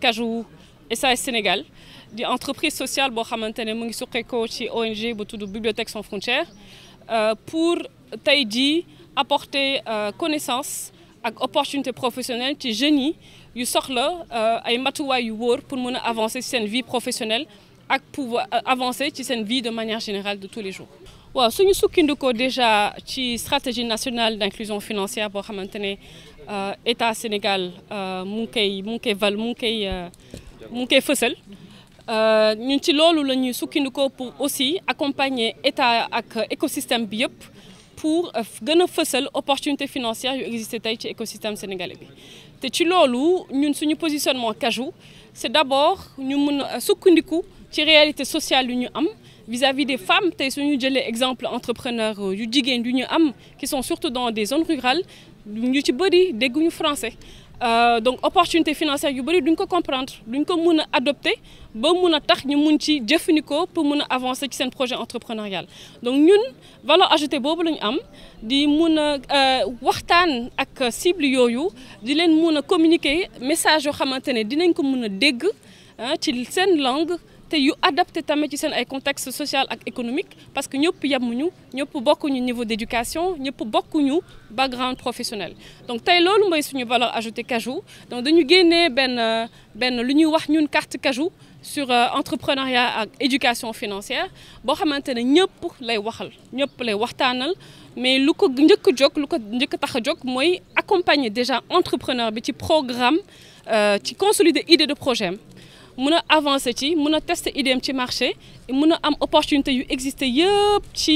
Cajou SAS Sénégal di entreprise sociale boo xamante ne mu ngi suqeekoo ci ONG bu tudd Bibliothèque sans frontières euh, pour tey jii apporter euh, connaissance ak opportunité professionnelle ci jeunes yi yu soxla euh, ay matuwaay yu wóor pour mën a avancer ci seen vie professionnelle ak pouvoir avancer ci seen vie de manière générale de tous les jours. waaw suñu sukkandikoo déjà ci stratégie nationale d'inclusion financière boo xamante ne euh, état Sénégal euh, mu ngi koy mu ngi koy val mu ngi koy euh, mu koy fësal ñun ci loolu la ñuy sukkandikoo pour aussi accompagner état ak écosystème bi yëpp pour gën a fësal opportunité financière yu existé tey ci écosystème sénégalais bi te ci loolu ñun suñu positionnement CAJU c'est d'abord ñu mun a sukkandiku ci réalité sociale yu ñu am vis-à-vis des femmes tey su ñu jëlee exemple entrepreneur yu jigéen yu ñu am qui sont surtout dans des zones rurales ñu ci bëri dégguñu français euh, donc opportunité financière yu bëri duñ ko comprendre ñu ko mun a adopter ba mun a tax ñu mun ci jëfandikoo pour mun a avancer ci seen projet entrepreneurial donc ñun valeur ajoutée boobu la ñu am di mun a euh, waxtaan ak cible yooyu di leen mun a communiquer message yoo xamante ne dinañ ko mun a dégg ah, ci seen langue. te yu adapté tamit ci seen ay contexte social ak économique parce que ñëpp yemuñu ñëpp bokkuñu niveau d'éducation ñëpp bokkuñu background professionnel donc tey loolu mooy suñu valeur ajoutée Cajoo donc dañu génne benn benn lu ñuy wax ñun carte Cajoo sur euh, entrepreneuriat ak éducation financière boo xamante ne ñëpp lay waxal ñëpp lay waxtaanal mais lu ko njëkk a ko njëkk tax a jóg mooy accompagner déjà entrepreneur bi ci programme euh, ci consolider idée de projet mën a avancer ci mën a tester idéem ci marché mën a am opportunité yu exister yëpp ci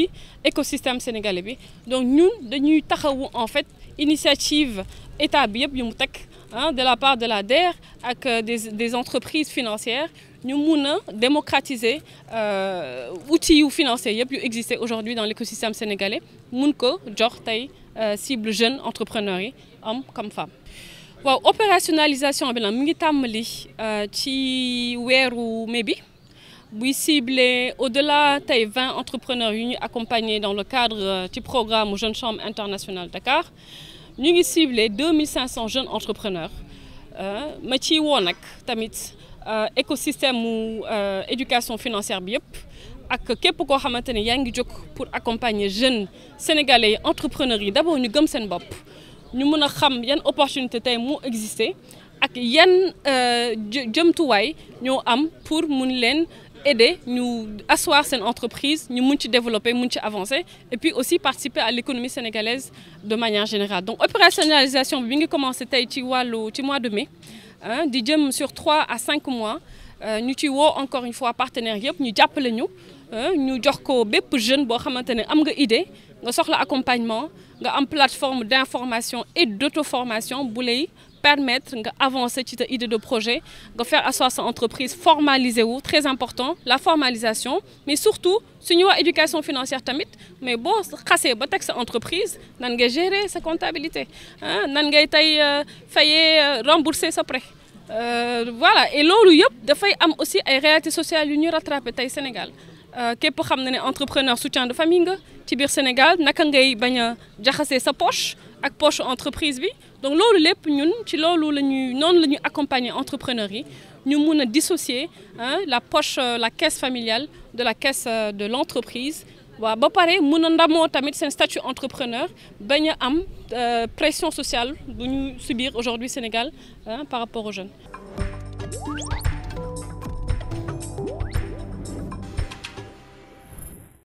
écosystème sénégalais bi donc ñun dañuy taxawu en fait initiative état bi yëpp yu mu takk ah de la part de la DER ak euh, des des entreprises financières ñu mun a démocratiser euh, outils yu financiers yëpp yu exister aujourd'hui dans l'écosystème sénégalais mun ko jox tey euh, cible jeune entrepreneur yi hommes comme femmes waaw opérationnalisation bi nag mu ngi tàmbali euh, ci weeru mai bi buy cible au-delà tey vingt entrepreneurs yu ñu accompagner dans le cadre euh, ci programme Jeune Chambre de Dakar ñu ngi cible deux mille cinq cent jeunes entrepreneurs euh, ma ciy woon nag tamit écosystème mu éducation financière bi yëpp ak képp koo xamante ni yaa ngi jog pour accompagner jeunes sénégalais yi entrepreneurs yi d'abord ñu gëm seen bopp. ñu mun a xam yan opportunité tey mu exister ak yan euh, jëmtuwaay ñoo am pour mun leen aider ñu asseoir seen entreprise ñu mun ci développer mu ci avancer et puis aussi participer à l'économie sénégalaise de manière générale donc opérationnalisation bi nga commencé tey ci wàllu ci mois de mai di jëm sur trois à cinq mois Euh, ñu ci woo encore une fois partenaires yëpp ñu jàppale ñu euh, ñu jox ko bépp jeune boo xamante ne am nga idée nga soxla accompagnement nga am plateforme d' information et d' formation bu lay permettre nga avancer ci ta idée de projet nga faire asseoir sa entreprise formaliser wu très important la formalisation mais surtout suñu wax éducation financière tamit mais boo xasee ba teg sa entreprise nan ngay gérer sa comptabilité ah nan ngay tey euh, fayee rembourser sa prêt Euh, voilà et loolu yëpp dafay am aussi ay réalités sociale yu ñu rattrapé tey Sénégal euh, képp xam na ne entrepreneur soutien de famille nga ci biir Sénégal naka ngay bañ a jaxasee sa poche ak poche entreprise bi donc loolu lépp ñun ci loolu la ñuy noonu la ñuy accompagner entrepreneurs yi ñu mun a dissocier la poche euh, la caisse familiale de la caisse de l'entreprise waaw ba pare mën a tamit seen statut entrepreneur bañ a am euh, pression sociale bu ñu subir aujourd'hui Sénégal par rapport aux jeunes